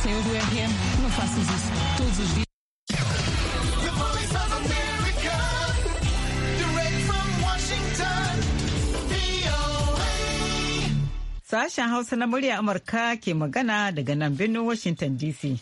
saiu do RM, não faças isso todos os dias. Sashen Hausa na murya Amurka ke magana daga nan birnin Washington DC.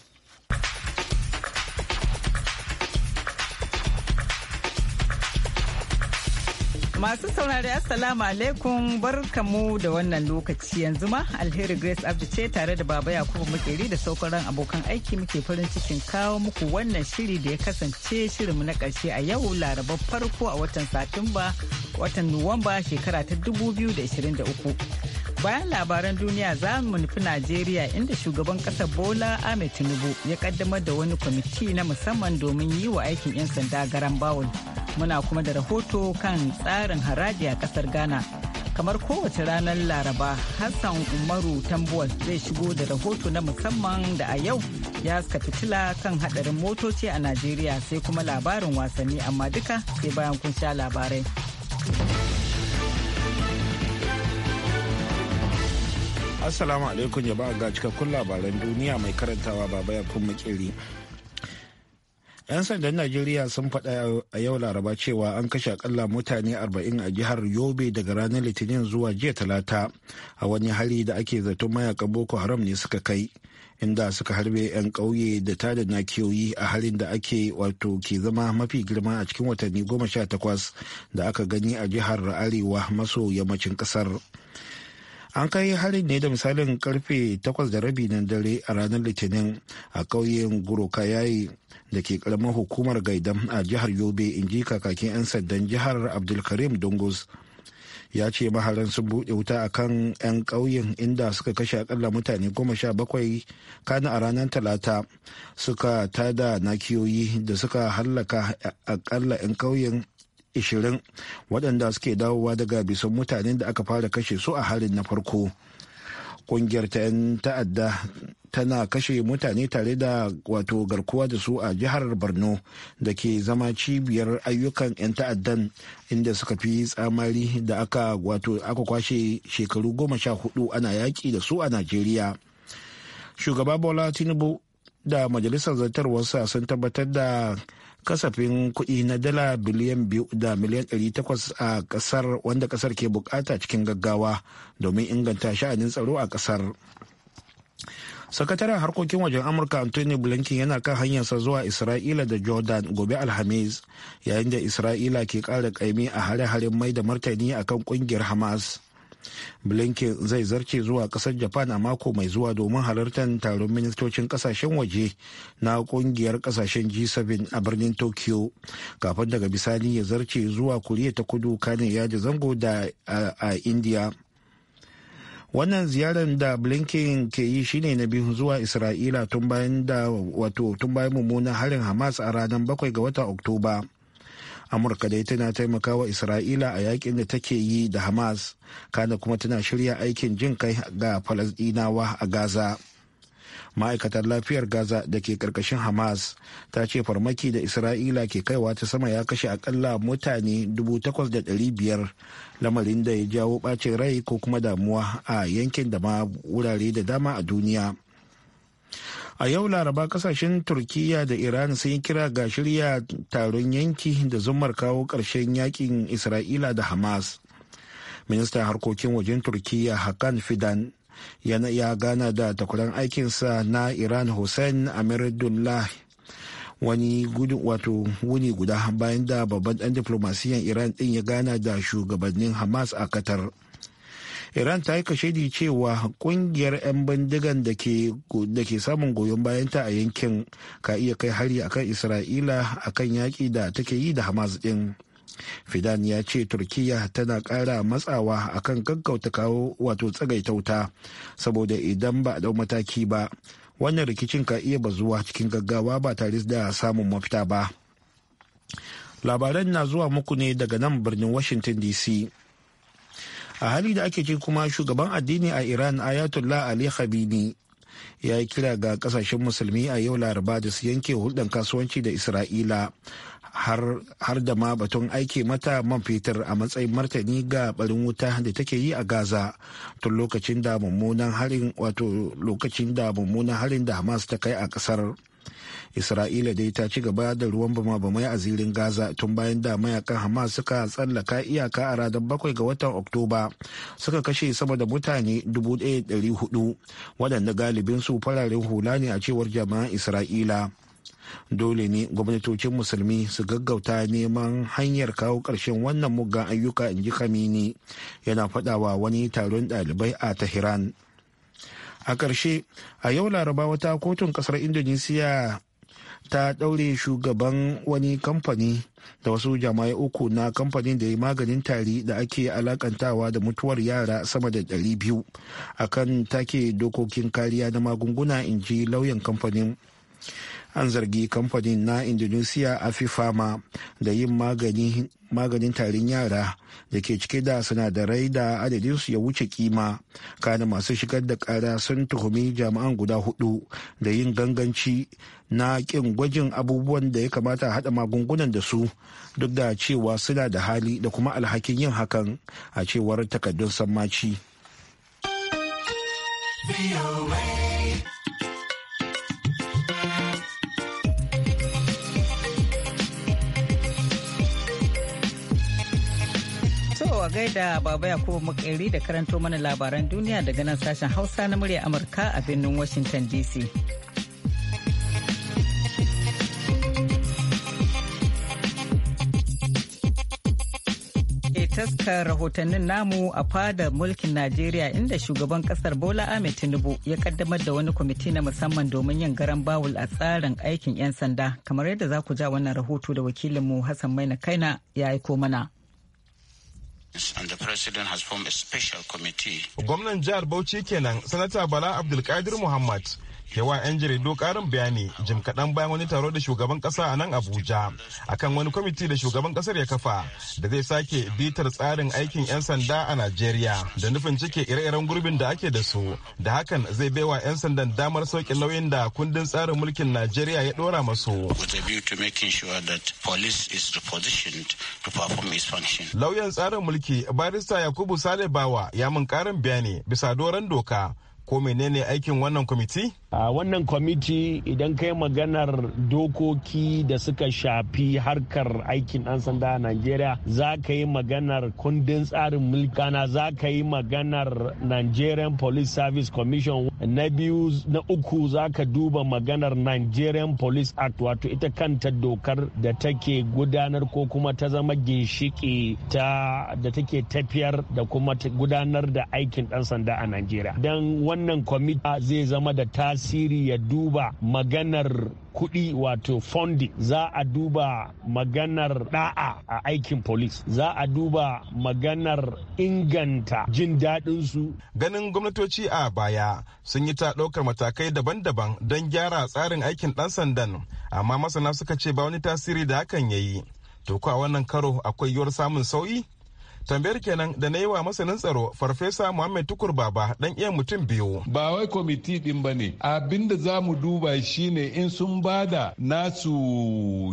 Masu saurari Assalamu alaikum barkamu da wannan lokaci yanzu ma alheri Grace Abdi ce tare da Baba Yakubu Makeri da saukaran abokan aiki muke farin cikin kawo muku wannan shiri da ya kasance mu na karshe a yau laraba farko a watan Satumba watan Nuwamba shekara ta 2023. bayan labaran duniya za mu nufi najeriya inda shugaban kasa bola ahmed tinubu ya kaddamar da wani kwamiti na musamman domin yi wa aikin 'yan sanda garan bawul muna kuma da rahoto kan tsarin haraji a kasar ghana kamar kowace ranar laraba hassan umaru tambuwal zai shigo da rahoto na musamman da a yau ya haska fitila kan hadarin motoci a najeriya sai kuma labarin wasanni amma duka sai bayan kun sha labarai Assalamu alaikum ya ba ga cikakkun labaran duniya mai karantawa baba ya kun makeri. 'Yan sandan Najeriya sun faɗa a yau laraba cewa an kashe akalla mutane 40 a jihar Yobe daga ranar Litinin zuwa jiya talata a wani hari da ake zaton mayakan Boko Haram ne suka kai. inda suka harbe 'yan ƙauye da tada nakiyoyi a halin da ake wato ke zama mafi girma a cikin watanni goma sha takwas da aka gani a jihar arewa maso yammacin ƙasar. an kai harin ne da misalin karfe 8:30 na dare a ranar litinin a ƙauyen gurokayayi da ke karamar hukumar gaidan a jihar yobe in ji kakakin 'yan sandan jihar abdulkarim dungus ya ce maharan sun buɗe wuta a kan 'yan ƙauyen inda suka kashe akalla mutane goma sha bakwai kana a ranar talata suka tada nakiyoyi da suka hallaka akalla 'yan ƙauyen 20 waɗanda suke dawowa daga bisan mutanen da aka fara kashe su a harin na farko ƙungiyar ta 'yan ta'adda tana kashe mutane tare da wato garkuwa da su a jihar borno da ke zama cibiyar ayyukan 'yan ta'addan inda suka fi tsamari da aka wato aka kwashe shekaru goma sha hudu ana yaƙi da su a najeriya shugaba bola tinubu da majalisar zartarwarsa sun tabbatar da kasafin kuɗi na dala biliyan biyu da miliyan ɗari takwas a ƙasar wanda ƙasar ke bukata cikin gaggawa domin inganta sha'anin tsaro a ƙasar. sakataren harkokin wajen amurka anthony blinken yana kan hanyarsa zuwa isra'ila da jordan gobe alhamis yayin da isra'ila ke kara ƙa'imi a hare-haren mai da martani akan kungiyar hamas blinken zai zarce zuwa kasar japan a mako mai zuwa domin halartar taron ministocin kasashen waje na kungiyar kasashen g7 a birnin tokyo kafin daga bisani ya zarce zuwa koriya ta kudu kanin yaji zango da a india wannan ziyarar da blinken ke yi shine na biyu zuwa isra'ila wato tun bayan mummunan harin hamas a ranar 7 ga watan oktoba amurka dai tana taimakawa isra'ila a yakin da take yi da hamas kana kuma tana shirya aikin jin kai ga falasdinawa a gaza ma'aikatar lafiyar gaza da ke karkashin hamas ta ce farmaki da isra'ila ke kaiwa ta sama ya kashe akalla mutane 8,500 lamarin da ya jawo bacin rai ko kuma damuwa a yankin da ma wurare da dama a duniya a yau laraba kasashen turkiya da iran sun yi kira ga shirya taron yanki da zumar kawo ƙarshen yakin isra'ila da hamas ministan harkokin wajen turkiya hakan fidan ya gana da takwaran aikinsa na iran hussein amirullah wani gudu wato wuni guda bayan da babban dan diplomasiyan iran din ya gana da shugabannin hamas a qatar iran ta yi kashedi cewa kungiyar 'yan bindigan da ke samun goyon bayanta a yankin ka iya kai hari akan isra'ila akan yaƙi da take yi da hamas din fidan ya ce turkiyya tana kara matsawa akan gaggauta kawo wato tsagaitauta saboda idan ba a dau mataki ba wannan rikicin ka iya bazuwa cikin gaggawa ba tare da samun mafita ba labaran na zuwa muku ne daga nan birnin washington dc a hali da ake ce kuma shugaban addini a iran ayatollah ali khabini ya yi kira ga kasashen musulmi a yau laraba da su yanke hulɗar kasuwanci da isra'ila har da ma batun aiki mata man fetur a matsayin martani ga barin wuta da take yi a gaza tun lokacin da mummunan harin wato lokacin da mummunan harin da hamas ta kai a kasar isra'ila dai ta ci gaba da ruwan bama-bamai a zirin gaza tun bayan da mayakan hamas suka tsallaka iyaka a ranar bakwai ga watan oktoba suka kashe sama da mutane 1,400 waɗanda su fararen hula ne a cewar jama'an isra'ila dole ne gwamnatocin musulmi su gaggauta neman hanyar kawo ƙarshen wannan muggan ayyuka in ji kamini yana faɗawa wani taron ɗalibai a tahiran a ƙarshe a yau laraba wata kotun ƙasar indonesiya ta ɗaure shugaban wani kamfani da wasu jama'ai uku na kamfanin da ya maganin tari da ake alakantawa da mutuwar yara sama da 200 akan take dokokin kariya na magunguna in ji lauyan kamfanin an zargi kamfanin na indonesia afifama da yin maganin tarin yara da ke cike da sinadarai da adadin su ya wuce kima kana masu shigar da kara sun tuhumi jami'an guda hudu da yin ganganci na kin gwajin abubuwan da ya kamata hada magungunan da su duk da cewa suna da hali da kuma alhakin yin hakan a cewar takaddun sammaci. a gaida baba yakubu makeri da karanto mana labaran duniya daga nan sashen hausa na murya amurka a birnin washington dc taskar rahotannin namu a fadar mulkin Najeriya inda shugaban kasar Bola Ahmed Tinubu ya kaddamar da wani kwamiti na musamman domin yin garan bawul a tsarin aikin 'yan sanda kamar yadda za ku ja wannan rahoto da wakilinmu Hassan Maina Kaina ya aiko mana. president has special Gwamnan jihar Bauchi kenan, Sanata Bala Abdulkadir Muhammad yawa 'yan jaridu karin bayani jim kaɗan bayan wani taro da shugaban ƙasa a nan abuja akan wani kwamiti da shugaban ƙasar ya kafa da zai sake bitar tsarin aikin 'yan sanda a najeriya da nufin cike ire-iren gurbin da ake da su da hakan zai baiwa 'yan sandan damar sauki nauyin da kundin tsarin mulkin najeriya ya ɗora masu lauyan tsarin mulki barista yakubu sale bawa ya mun karin bayani bisa doron doka ko menene aikin wannan kwamiti a wannan kwamiti idan kai maganar dokoki da suka shafi harkar aikin ɗan sanda a najeriya za ka yi maganar kundin tsarin mulkana za ka yi maganar nigerian police service commission na biyu na uku za ka duba maganar nigerian police act wato ita kanta dokar da take gudanar ko kuma ta zama ginshiki ta da take tafiyar da kuma gudanar da aikin ɗan sanda a najeriya don wannan kwamiti zai zama da tasiri tasiri ya duba maganar kuɗi wato funding za a duba maganar da'a a aikin polis za a duba maganar inganta jin daɗin su ganin gwamnatoci a baya sun yi ta ɗaukar matakai daban-daban don gyara tsarin aikin ɗan sandan amma masana suka ce ba wani tasiri da hakan ya yi to a wannan karo akwai yiwuwar samun sauyi tambayar kenan da na yi wa masanin tsaro farfesa muhammed tukur baba dan iya mutum biyu ba wai kwamiti din ba ne Abin da za mu duba shi ne in sun ba bada nasu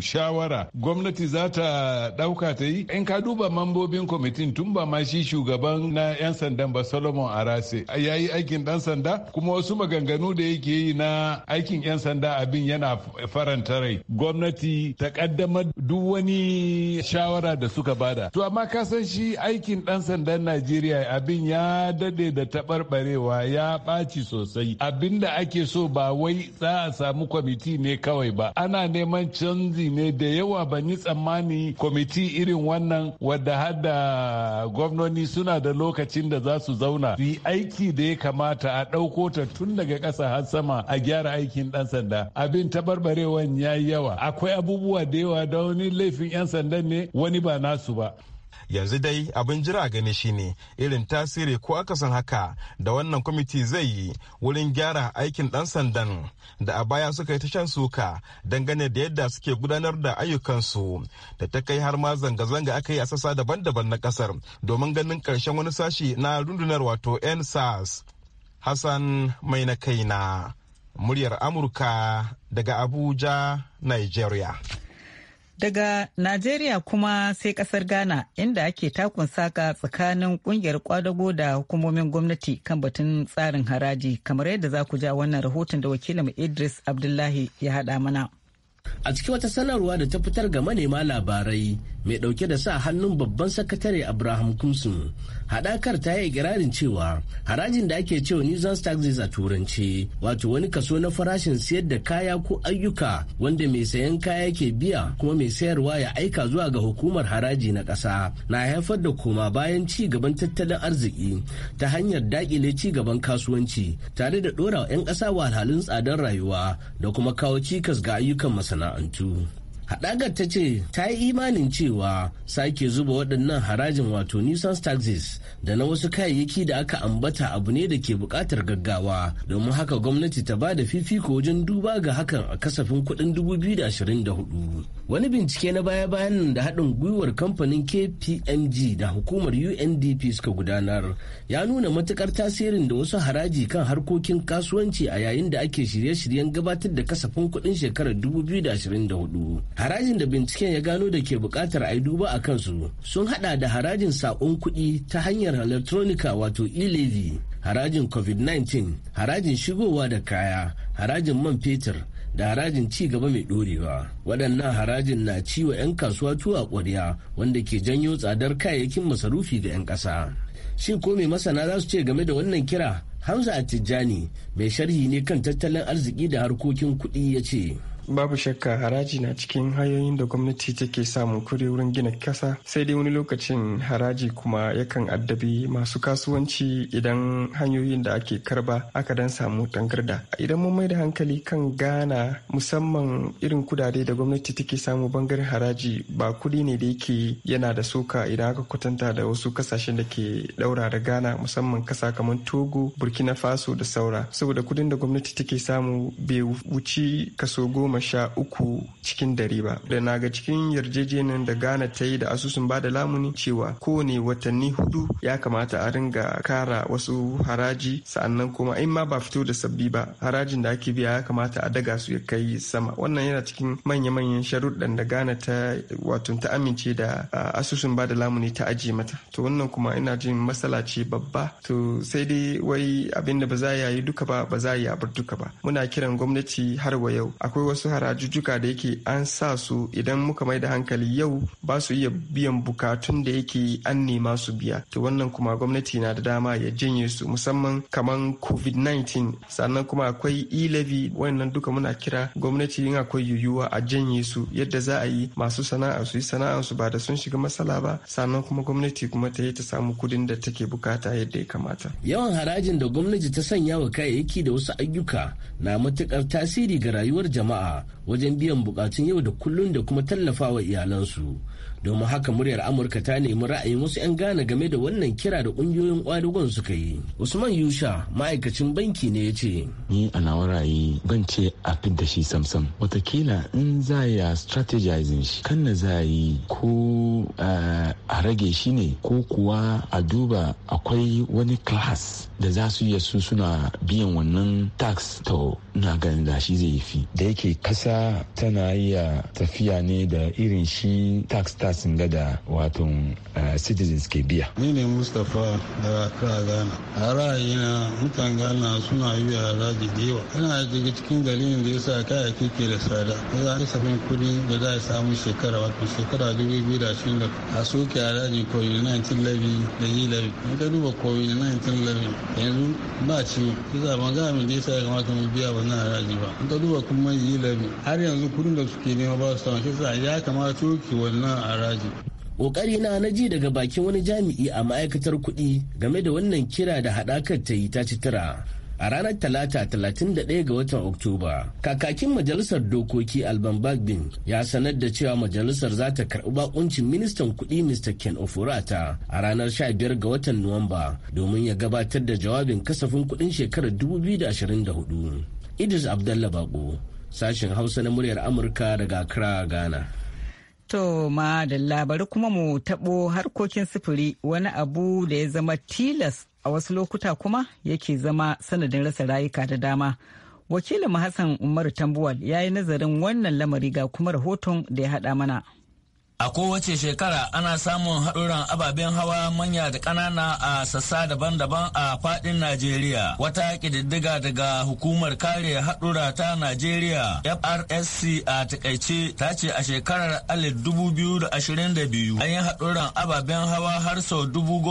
shawara gwamnati za ta dauka ta yi in ka duba mambobin kwamitin tun ba ma shi shugaban na yan sandan ba solomon arase ya yi aikin dan sanda kuma wasu maganganu da yake yi na aikin yan sanda abin yana faranta rai gwamnati ta kaddamar duk wani shawara da suka bada to amma ka san shi aikin ɗan sandan Najeriya abin ya dade da taɓarɓarewa ya ɓaci sosai. Abin da ake so ba wai za a samu kwamiti ne kawai ba. Ana neman canji ne da yawa ban yi tsammani kwamiti irin wannan wadda hada gwamnoni suna da lokacin da za su zauna su yi aiki da ya kamata a ɗauko ta tun daga ƙasa har sama a gyara aikin ɗan sanda. Abin taɓarɓarewan ya yawa. Akwai abubuwa da yawa da wani laifin 'yan sandan ne wani ba nasu ba. yanzu dai abin jira gani shine irin tasiri ko akasin haka da wannan kwamiti zai yi wurin gyara aikin dan sandan da a baya suka yi ta suka dangane da yadda suke gudanar da ayyukansu da ta kai har ma zanga-zanga aka yi a sassa daban-daban na kasar domin ganin karshen wani sashi na rundunar wato nsas hassan mai na kaina muryar amurka daga abuja nigeria Daga Najeriya kuma sai kasar Ghana inda ake takun saka tsakanin kungiyar kwadago da hukumomin gwamnati kan batun tsarin haraji kamar yadda za ku ja wannan rahoton da wakilin Idris Abdullahi ya haɗa mana. A cikin wata sanarwa da ta fitar ga manema labarai mai ɗauke da sa hannun babban sakatare Abraham Kumsun, haɗakar ta yi girarin cewa harajin da ake cewa nuisance taxes a turanci wato wani kaso na farashin siyar da kaya ko ayyuka wanda mai sayan kaya ke biya kuma mai sayarwa ya aika zuwa ga hukumar haraji na kasa na haifar da koma bayan ci gaban tattalin arziki ta hanyar daƙile ci gaban kasuwanci tare da ɗora 'yan ƙasa wahalhalun tsadar rayuwa da kuma kawo cikas ga ayyukan masana'antu. haɗagar ta ce ta yi imanin cewa sake zuba waɗannan harajin wato nuisance taxes da na wasu kayayyaki da aka ambata abu ne da ke buƙatar gaggawa domin haka gwamnati ta ba da fifiko wajen duba ga hakan a kasafin kuɗin 2024 wani bincike na baya-bayan da haɗin gwiwar kamfanin kpmg da hukumar undp suka gudanar ya nuna matukar tasirin da wasu haraji kan harkokin kasuwanci a yayin da ake shirye-shiryen gabatar da kasafin kuɗin shekarar 2024 harajin da binciken ya gano da ke buƙatar a yi duba a kansu sun haɗa da harajin saƙon kuɗi ta hanyar electronica wato e-levy harajin covid-19 harajin shigowa da kaya harajin man fetur da harajin ci gaba mai dorewa waɗannan harajin na ci wa 'yan kasuwa tuwa ƙwarya wanda ke janyo tsadar kayayyakin masarufi ga 'yan ƙasa shi ko mai masana za su ce game da wannan kira hamza tijjani mai sharhi ne kan tattalin arziki da harkokin kuɗi ya ce babu shakka haraji na cikin hanyoyin da gwamnati take samun kuri wurin gina kasa sai dai wani lokacin haraji kuma yakan addabi masu kasuwanci idan hanyoyin da ake karba aka dan samu tangarda idan mun mai da hankali kan gana musamman irin kudade da gwamnati take samu bangaren haraji ba kudi ne da yake yana da soka idan aka kwatanta da wasu kasashen da ke daura da gana musamman kasa kamar togo burkina faso da saura saboda kudin da gwamnati take samu bai wuci kaso goma goma sha uku cikin dari ba da na ga cikin yarjejeniyar da ghana ta yi da asusun ba da lamuni cewa kowane watanni hudu ya kamata a ringa kara wasu haraji sa'annan kuma in ma ba fito da sabbi ba harajin da ake biya ya kamata a daga su ya kai sama wannan yana cikin manya-manyan sharuɗan da ghana ta wato ta amince da asusun ba da lamuni ta ajiye mata to wannan kuma ina jin matsala ce babba to sai dai wai abinda da ba za a yi duka ba ba za a yi abar duka ba muna kiran gwamnati har wa yau akwai wasu wasu harajujjuka da yake an sa su idan muka mai da hankali yau ba su iya biyan bukatun da yake an nema su biya to wannan kuma gwamnati na da dama ya janye su musamman kaman covid-19 sannan kuma akwai e-levy wannan duka muna kira gwamnati in akwai yuyuwa a janye su yadda za a yi masu sana'a su yi sana'a su ba da sun shiga matsala ba sannan kuma gwamnati kuma ta yi ta samu kudin da take bukata yadda ya kamata yawan harajin da gwamnati ta sanya wa kayayyaki da wasu ayyuka na matukar tasiri ga rayuwar jama'a wajen biyan bukatun yau da kullun da kuma tallafawa iyalansu domin haka muryar amurka ta nemi ra'ayin wasu 'yan ghana game da wannan kira da kungiyoyin kwadugon suka yi usman yusha ma'aikacin banki ne ya ce ni a nawa ra'ayi ban ce a da shi samsam watakila in za ya strategizing shi kan na za yi ko eh, a rage shi ne ko kuwa a duba akwai wani class da za su iya su suna biyan wannan tax to na ganin da shi zai fi da yake kasa tana iya tafiya ne da irin shi tax tax sun da wato eh, citizens ke biya ni ne mustapha daga kira ghana a ra'ayina mutan ghana suna yi haraji da yawa yana daga cikin dalilin da yasa kayayyaki ke da tsada ko za a safin kuɗi da za a samu shekara wato shekara dubu biyu da ashirin da a soke haraji na 19 labi da yi labi in ka duba na 19 labi yanzu ba ciwo yasa ban gaya min da yasa ya kamata mu biya ba na haraji ba in ka duba kuma yi labi har yanzu kuɗin da suke nema ba su samu yasa ya kamata soke wannan a haraji kokari na na ji daga bakin wani jami'i a ma'aikatar kuɗi game da wannan kira da haɗakar ta yi ta ci tura a ranar talata 31 ga watan oktoba kakakin majalisar dokoki alban bagbin ya sanar da cewa majalisar za ta karɓi bakuncin ministan kuɗi mr ken ofurata a ranar 15 ga watan nuwamba domin ya gabatar da jawabin kasafin kuɗin shekarar 2024 idris abdallah bako sashen hausa na muryar amurka daga accra ghana To ma da labari kuma mu taɓo harkokin sufuri wani abu da ya zama tilas a wasu lokuta kuma yake zama sanadin rasa rayuka da dama. Wakilin Hassan Umaru Tambuwal ya yi nazarin wannan lamari ga kuma rahoton da ya haɗa mana. A kowace shekara ana samun haɗuran ababen hawa manya da ƙanana a sassa daban-daban a faɗin Najeriya. Wata ƙididdiga daga hukumar kare haɗura ta Najeriya FRSC a takaice ta ce a shekarar 2022 an yi haɗuran ababen hawa har sau dubu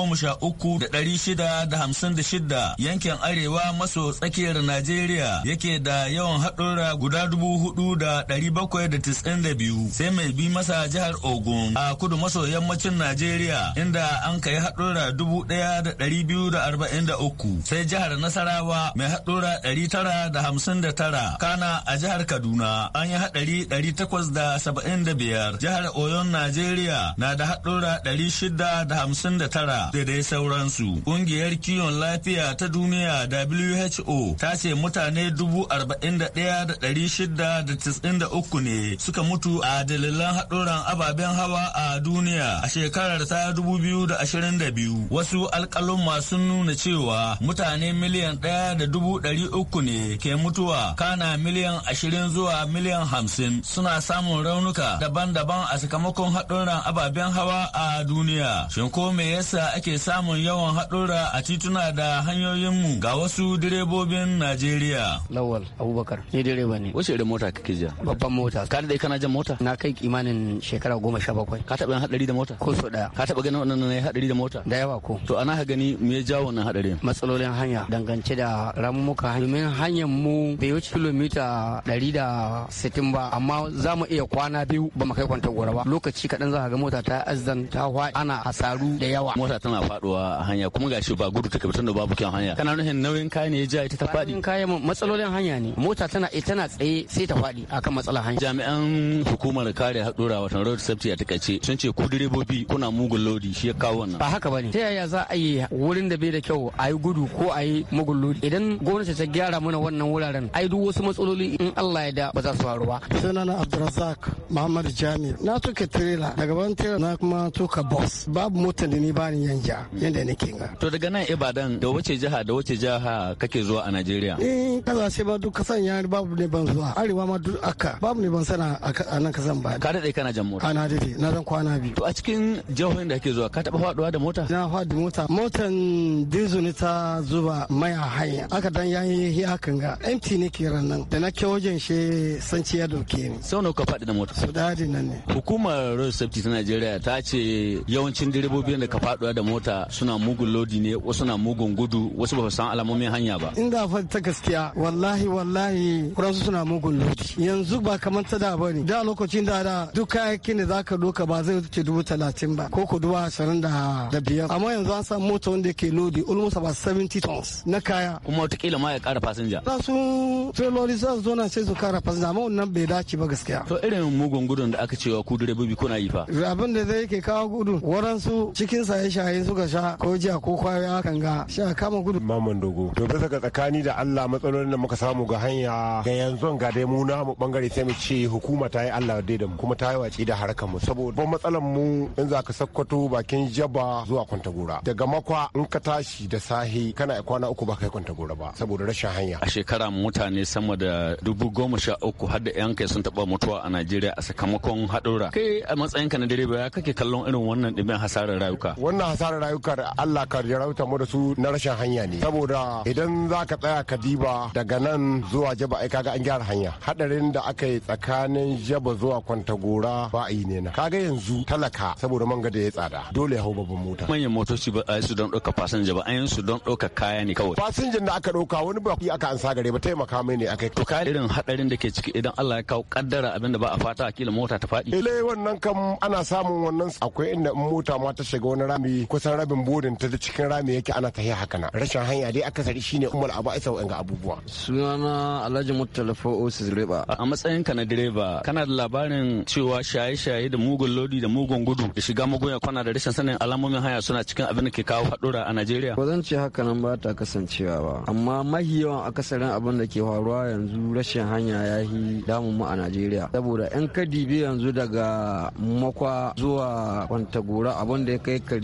uku da da da shida hamsin shida. yankin arewa maso tsakiyar Najeriya yake da yawan haɗura guda dubu da da da ɗari bakwai biyu. sai mai bi masa jihar O Ogun a kudu maso yammacin Najeriya inda an kai haɗura dubu ɗaya da ɗari biyu da arba'in da uku sai jihar Nasarawa mai haɗura ɗari tara da hamsin da tara kana a jihar Kaduna an yi haɗari ɗari takwas da saba'in da biyar jihar Oyon Najeriya na da haɗura ɗari shida da hamsin da tara da dai sauransu ƙungiyar kiwon lafiya ta duniya WHO ta ce mutane dubu arba'in da ɗaya da ɗari shida da tis'in da uku ne suka mutu a dalilan haɗuran ababen ababen hawa a duniya a shekarar ta 2022 wasu alkalun masu nuna cewa mutane miliyan ɗaya da dubu ɗari uku ne ke mutuwa kana miliyan ashirin zuwa miliyan hamsin suna samun raunuka daban-daban a sakamakon haɗurran ababen hawa a duniya. Shin ko me yasa ake samun yawan haɗura a tituna da hanyoyin mu ga wasu direbobin Najeriya? Lawal Abubakar, ni direba ne. Wace irin mota kake jiya? Babban mota. kana da kana jan mota? Na kai imanin shekara goma goma sha bakwai ka taɓa yin haɗari da mota ko so ɗaya ka taɓa ganin wannan ne haɗari da mota da yawa ko to ana ka gani me ya jawo wannan haɗari matsalolin hanya dangance da ramumuka domin hanyar mu bai wuce kilomita ɗari da sittin ba amma za mu iya kwana biyu ba mu kai kwanta gora ba lokaci kaɗan za ka ga mota ta azan ta hwa. ana hasaru da yawa mota tana faɗuwa a hanya kuma gashi ba gudu ta kabitan da babu kyan hanya kana nufin nauyin kaya ne ya ja ita ta faɗi mu matsalolin hanya ne mota tana eh, tana tsaye sai ta faɗi akan matsalar hanya jami'an hukumar kare haɗura watan road safety gwamnati a takaice sun ce ku direbobi kuna mugun lodi shi ya kawo wannan ba haka bane ta yaya za a yi wurin da bai da kyau a yi gudu ko a yi mugun lodi idan gwamnati ta gyara mana wannan wuraren ai duk wasu matsaloli in Allah ya da ba za su faru ba sunana Abdulrazak Muhammad Jami na tuka trailer daga ban trailer na kuma tuka bus babu motar da ni bani yanja yanda nake ga to daga nan Ibadan da wace jiha da wace jiha kake zuwa a Najeriya eh kaza sai ba duk kasan ya babu ne ban zuwa arewa ma duk aka babu ne ban sana a nan kasan ba ka dade kana jamhuriya daɗe na zan kwana biyu. To a cikin jihohin da ake zuwa ka taba faduwa da mota? Na faɗi mota. Motan dizu ne ta zuba mai a hanya. Aka dan ya yi hakan ga MT ne ke ran nan. Da na ke wajen shi sanci ya doke ni. Sau nawa ka faɗi da mota? Su daɗi nan ne. Hukumar Road Safety ta Najeriya ta ce yawancin direbobin da ka faduwa da mota suna mugun lodi ne wasu na mugun gudu wasu ba san alamomin hanya ba. Inda fa ta gaskiya wallahi wallahi kuransu suna mugun lodi. Yanzu ba kamar ta da bane. Da lokacin da da duka kayakin da za ka doka ba zai wuce dubu talatin ba ko ko dubu ashirin da biyar amma yanzu an samu mota wanda yake lodi almost about Seventy tons na kaya kuma watakila ma ya kara fasinja za su trailori za su zo na sai su kara fasinja amma wannan bai dace ba gaskiya to irin mugun gudun da aka cewa ku direbobi kuna yi fa abin da zai ke kawo gudu su cikin saye shaye suka sha ko jiya ko kwaya kan ga sha kama gudu maman dogo to bisa ga tsakani da Allah matsalolin da muka samu ga hanya ga yanzu ga dai mu na mu bangare sai mu ce hukuma ta yi Allah da mu kuma ta yi watsi da harkar mu saboda ba matsalar mu in za ka sakkwato bakin jaba zuwa kwantagora daga makwa in ka tashi da sahi kana kwana uku ba kai kwantagora ba saboda rashin hanya a shekara mutane sama da dubu goma sha uku har da yan kai sun taba mutuwa a Najeriya a sakamakon haɗura kai a matsayin ka na direba ya kake kallon irin wannan ɗimin hasarar rayuka wannan hasarar rayuka da Allah ka jarauta mu da su na rashin hanya ne saboda idan za ka tsaya ka diba daga nan zuwa jaba ai kaga an gyara hanya haɗarin da aka yi tsakanin jaba zuwa kwantagora ba a yi ne ne na kaga yanzu talaka saboda man da ya tsada dole ya hau babban mota manyan motoci ba a su don ɗauka fasinja ba an su don ɗauka kaya ne kawai fasinjan da aka ɗauka wani ba aka ansa gare ba taimaka mai ne a to kaya. irin haɗarin da ke ciki idan Allah ya kawo kaddara abin da ba a fata akila mota ta faɗi ele wannan kam ana samun wannan akwai inda in mota ma ta shiga wani rami kusan rabin bodin ta cikin rami yake ana ta haka na rashin hanya dai akasari shine umar abu isa ga abubuwa sunana Alhaji mutala Fa'o direba a matsayin ka na direba kana da labarin cewa shaye-shaye maye da mugun lodi da mugun gudu da shiga magoya kwana da rashin sanin alamomin haya suna cikin abin da ke kawo haɗura a Najeriya. Ba zan ce haka nan ba ta kasancewa ba amma mahi yawan akasarin abin da ke faruwa yanzu rashin hanya ya yi damun mu a Najeriya saboda yan kadibi yanzu daga makwa zuwa kwantagora abin da ya kai ka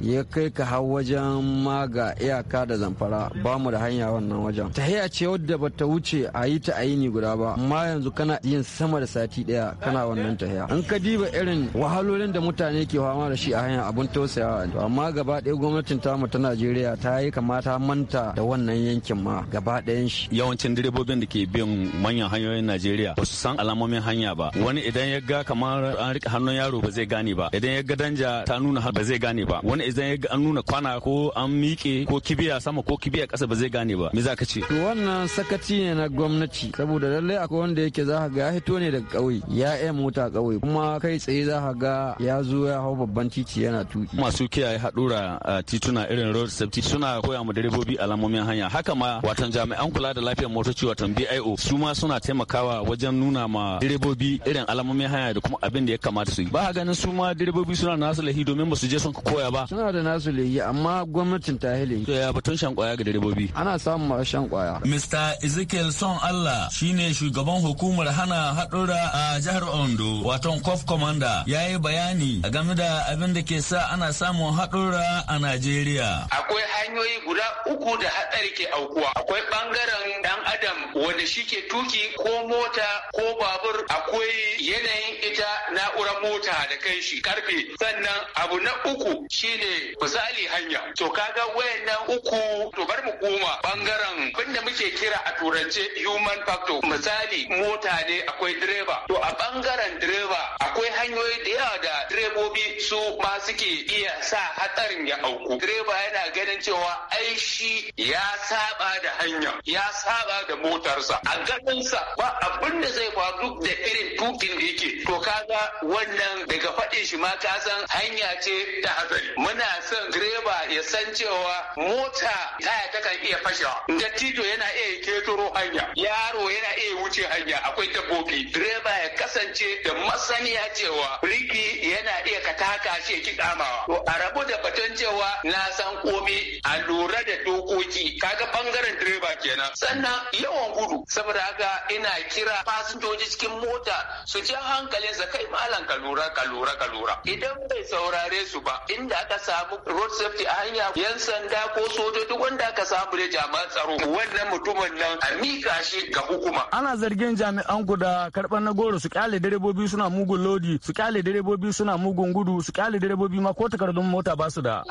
ya kai ka har wajen maga iyaka da zamfara ba mu da hanya wannan wajen. Tahiya ce wadda ba ta wuce a yi ta ayini guda ba amma yanzu kana yin sama da sati ɗaya kana wannan tahiya. An kadiba duba irin wahalolin da mutane ke fama da shi a hanyar abun tausayawa to amma gaba ɗaya gwamnatin tamu ta Najeriya ta yi kamata manta da wannan yankin ma gaba ɗayan shi yawancin direbobin da ke bin manyan hanyoyin Najeriya ba su san alamomin hanya ba wani idan ya ga kamar an rika hannun yaro ba zai gane ba idan ya ga danja ta nuna ba zai gane ba wani idan ya ga an nuna kwana ko an miƙe ko kibiya sama ko kibiya ƙasa ba zai gane ba me za ka ce to wannan sakaci ne na gwamnati saboda lallai akwai wanda yake za ka ga ya hito ne daga ƙauye ya iya mota ƙauye kuma kai kai tsaye za ka ga ya zo ya hau babban titi yana tuki masu kiyaye haɗura a tituna irin road safety suna koya mu direbobi alamomin hanya haka ma watan jami'an kula da lafiyar motoci watan BIO su ma suna taimakawa wajen nuna ma direbobi irin alamomin hanya da kuma abin da ya kamata su yi ba ganin su ma direbobi suna nasu lahi domin ba su je sun koya ba suna da nasu lahi amma gwamnatin ta To ya batun shan kwaya ga direbobi ana samun ma shan kwaya Mr Ezekiel Son Allah shine shugaban hukumar hana haɗura a jihar Ondo watan kofkom Komanda ya yi bayani a game da abin da ke sa ana samun haɗura a Najeriya. Akwai hanyoyi guda uku da hatsari ke aukuwa. Akwai ɓangaren ɗan adam wanda shi ke tuki ko mota ko babur akwai yanayin ita na'urar mota da kai shi karfe. Sannan abu na uku shine misali hanya. To kaga wayannan uku to bar mu koma ɓangaren abinda muke kira a turance human factor. Misali mota ne akwai direba. To a ɓangaren direba akwai hanyoyi da yawa da direbobi su ma suke iya sa hatsarin ya auku direba yana ganin cewa ai shi ya saba da hanya ya saba da motarsa a ganinsa ba abin da zai faru da irin tukin da yake to kaga wannan daga faɗin shi ma ka san hanya ce ta hatsari muna son direba ya san cewa mota taya takan iya fashewa tito yana iya ketoro hanya yaro yana iya wuce hanya akwai dabbobi direba ya kasance da masaniya ce cewa birki yana iya ka taka shi ki damawa to a rabu da batun cewa na san komi a lura da dokoki kaga bangaren direba kenan sannan yawan gudu saboda haka ina kira fasinjoji cikin mota su ji sa kai malam ka lura ka lura ka lura idan bai saurare su ba inda aka samu road safety a hanya yan sanda ko sojoji wanda aka samu da jami'an tsaro wannan mutumin nan a mika shi ga hukuma ana zargin jami'an guda karban na goro su kyale direbobi suna mugun lodi su kyale direbobi suna mugun gudu su kyale direbobi ma ko takardun mota ba su da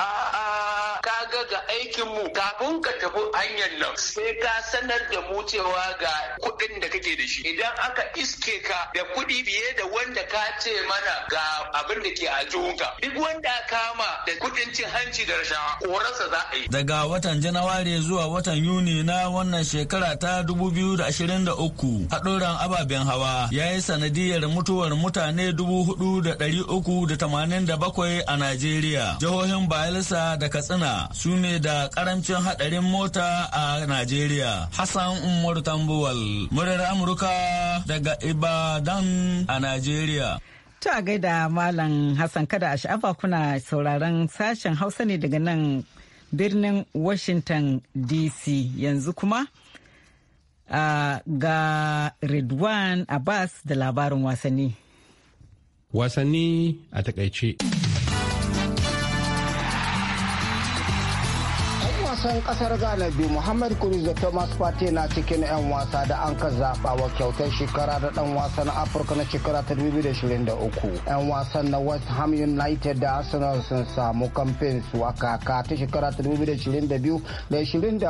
kaga ga aikin mu kafin ka tafi hanyar nan sai ka sanar da mu cewa ga kuɗin da kake da shi idan aka iske ka da kuɗi biye da wanda ka ce mana ga abin da ke a duk wanda kama da kuɗin cin hanci da rashawa korarsa za a yi daga watan janawari zuwa watan yuni na wannan shekara ta 2023 haɗuran ababen hawa ya yi sanadiyar mutuwar mutane dubu 4,387 a Najeriya. Jihohin Bayelsa da Katsina su ne da karamcin hadarin mota a Najeriya. Hassan Umar Tambuwal, murar Amurka daga Ibadan a Najeriya. Ta gaida Malam Hassan kada a sha'afa kuna sauraron sashen Hausa ne daga nan birnin Washington DC yanzu kuma uh, ga Redwan Abbas da labarin wasanni. wasanni a takaice. wasan kasar ghana biyu muhammad kudus da thomas partey na cikin 'yan wasa da an ka zaɓa wa kyautar shekara da wasa na afirka na shekara ta 2023 'yan wasan na west ham united da arsenal sun samu kamfen su a kaka ta shekara ta 2022 da 23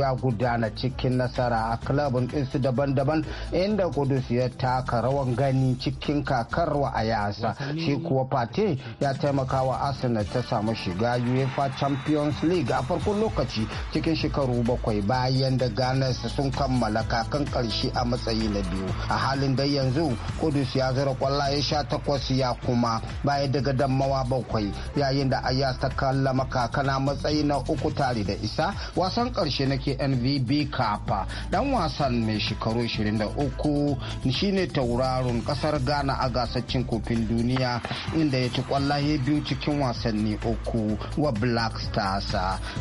ya gudana cikin nasara a kilabin ɗinsu daban-daban inda kudus ya taka rawan gani cikin kakar wa a yasa shi kuwa partey ya taimaka wa arsenal ta samu shiga uefa champions league a farkon lokaci lokaci cikin shekaru bakwai bayan da ganas sun kammala kakan karshe a matsayi na biyu a halin da yanzu kudus ya zura kwallaye sha takwas ya kuma baya daga dammawa bakwai yayin da ayas ta kallama kakana matsayi na uku tare da isa wasan karshe na nvb kafa dan wasan mai shekaru 23 shine tauraron kasar ghana a gasar cin kofin duniya inda ya ci kwallaye biyu cikin wasanni uku wa black stars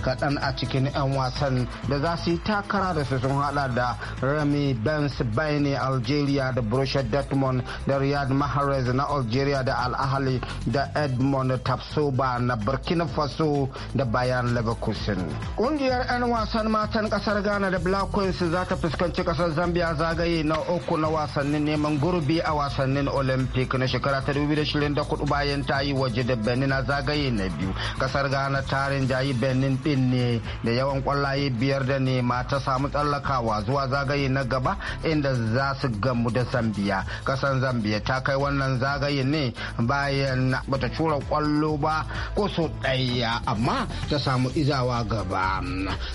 kaɗan a a cikin 'yan wasan da za su yi takara da su sun hada da rami benz baine algeria da borussia dortmund da riyad mahrez na algeria da al'ahali da edmond tapsoba na burkina faso da bayan leverkusen ƙungiyar 'yan wasan matan ƙasar ghana da black queens za ta fuskanci ƙasar zambia zagaye na uku na wasannin neman gurbi a wasannin olympic na shekara ta 2024 bayan ta yi waje da benin a zagaye na biyu ƙasar ghana tarin jayi benin din ne da yawan kwallaye biyar da nema ta samu tsallakawa zuwa zagaye na gaba inda za su gamu da zambiya kasan zambiya ta kai wannan zagaye ne bayan bata cura kwallo ba ko su ɗaya amma ta samu izawa gaba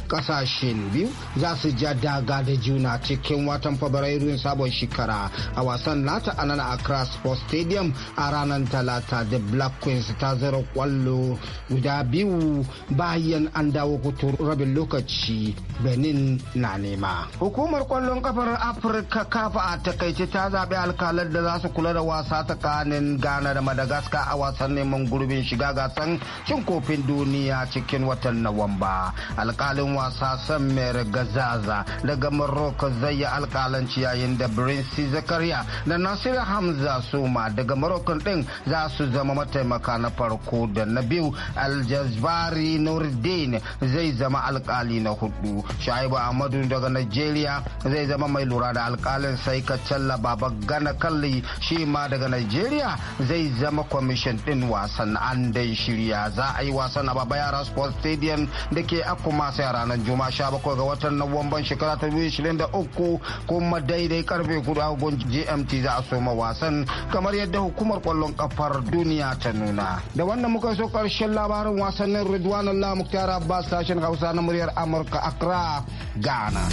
kasashen biyu za su ja daga da juna cikin watan fabrairun sabon shekara a wasan nata a nan accra sports stadium a ranar talata da black queens ta zara kwallo guda biyu bayan an dawo hutun rabin lokaci benin na nema hukumar kwallon kafar afirka kafa a takaice ta zaɓi alkalar da za su kula da wasa tsakanin ghana da madagascar a wasan neman gurbin shiga gasan cin kofin duniya cikin watan nawamba alkalin wasa san mer gazaza daga morocco zai yi alkalanci yayin da brinsi zakaria da nasiru hamza suma daga morocco din za su zama mataimaka na farko da na biyu aljazbari nordin zai zama alkali na hudu shaibu ahmadu daga nigeria zai zama mai lura da alkalin sai kacalla baba gana kalli shi ma daga nigeria zai zama kwamishin din wasan an dai shirya za a yi wasan a baba yara sports stadium da ke akuma sai ranar juma'a 17 ga watan nuwamban shekara ta 2023 kuma daidai karfe 4 agogon gmt za a soma wasan kamar yadda hukumar kwallon kafar duniya ta nuna da wannan muka so karshen labarin wasannin ridwan allah muktar abbas sashen Hausa na muryar Amurka Accra, Ghana.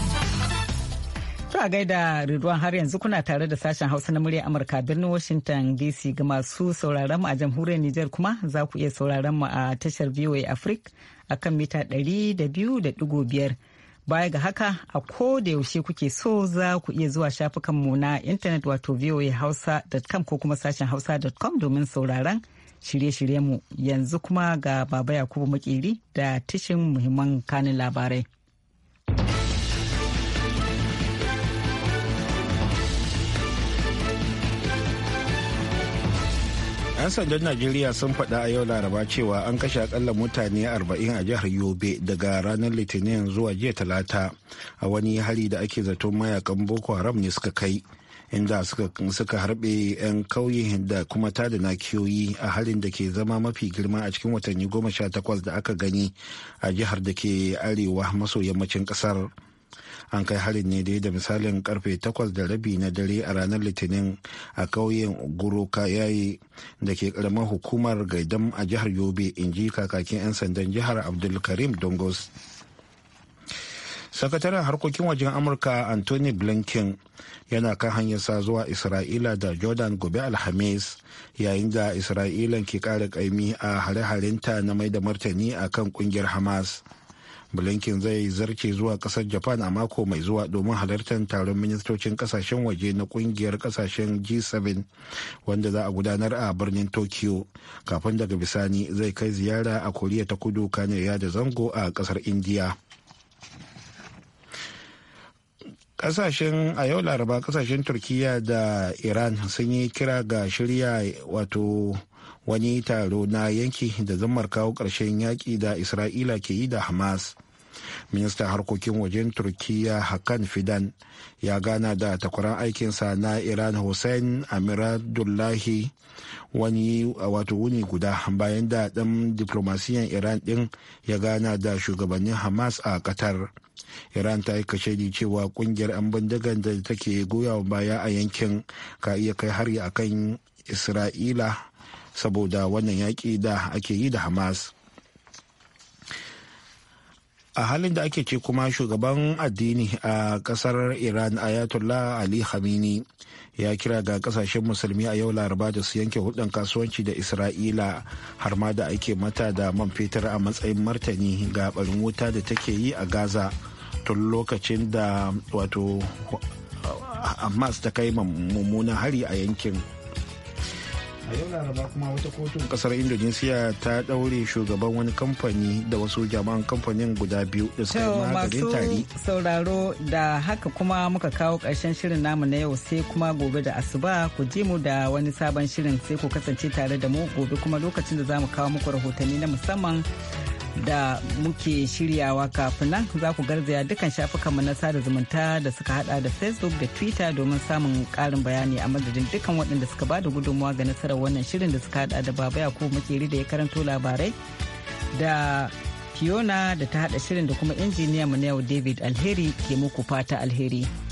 gaida Ridwan har yanzu kuna tare da sashen Hausa na muryar Amurka birnin Washington DC ga masu sauraron mu a jamhuriyar Nijar kuma za ku iya sauraron mu a tashar VOA Africa a kan mita 200.5. Baya ga haka a ko da yaushe kuke so za ku iya zuwa shafukanmu na intanet wato voahausa.com ko kuma sashen hausa.com domin sauraron shirye-shiryenmu yanzu kuma ga baba yakubu makeri da tishin muhimman kanin labarai yan sandan najeriya sun faɗa a yau laraba cewa an kashe akalla mutane 40 a jihar yobe daga ranar litinin zuwa jiya talata a wani hari da ake zaton mayakan boko haram ne suka kai inda suka harbe 'yan kauye da kuma tada nakiyoyi a halin da ke zama mafi girma a cikin watanni goma sha takwas da aka gani a jihar da ke arewa maso yammacin kasar an kai harin ne dai da misalin karfe takwas da rabi na dare a ranar litinin a kauyen guruka yayi da ke karamar hukumar gaidam a jihar yobe in ji kakakin 'yan sandan jihar abdulkarim dongos sakataren harkokin wajen amurka anthony blinken yana kan hanyarsa zuwa isra'ila da jordan gobe alhamis yayin da isra'ila ke kara kaimi a hare-harenta na mai da martani a kan kungiyar hamas blinken zai zarce zuwa kasar japan a mako mai zuwa domin halartar taron ministocin kasashen waje na kungiyar kasashen g7 wanda za a gudanar a birnin tokyo kafin daga bisani zai kai ziyara a koriya ta kudu kanaya da zango a kasar india kasashen a yau laraba kasashen turkiya da iran sun yi kira ga shirya wato wani taro na yanki da zammar kawo ƙarshen yaƙi da isra'ila ke yi da hamas ministan harkokin wajen turkiya hakan fidan ya gana da takwaran aikinsa na iran hussein amiradullahi wani wato wuni guda bayan da dan diplomasiyan iran din ya gana da shugabannin hamas a qatar iran ta yi ni cewa kungiyar 'yan bindigar da take goya baya a yankin ka iya kai hari a kan isra'ila saboda wannan yaƙi da ake yi da hamas a halin da ake ce kuma shugaban addini a kasar iran ayatollah ali khamenei ya kira ga kasashen musulmi a yau laraba da su yanke hudun kasuwanci da isra'ila har ma da ake mata da man fetur a matsayin martani ga barin wuta da take yi a gaza wato lokacin da wato uh, hamas ta kai mummunan hari a yankin a yau laraba kuma wata kotun kasar indonesia ta daure shugaban wani kamfani da wasu jama'an kamfanin guda biyu da suka yi maganin tari sauraro da haka kuma muka kawo karshen shirin namu na yau sai kuma gobe da asuba ku ji mu da wani sabon shirin sai ku kasance tare da mu gobe kuma lokacin da za mu kawo muku rahotanni na musamman da muke shiryawa kafin nan za ku garzaya dukkan shafukanmu na sada zumunta da suka hada da facebook da twitter domin samun karin bayani a madadin dukkan waɗanda suka bada gudunmawa ga nasarar wannan shirin da suka hada da baba yakubu muke da ya karanto labarai da fiona da ta hada shirin da kuma injiniya mu na yau david alheri ke muku fata alheri.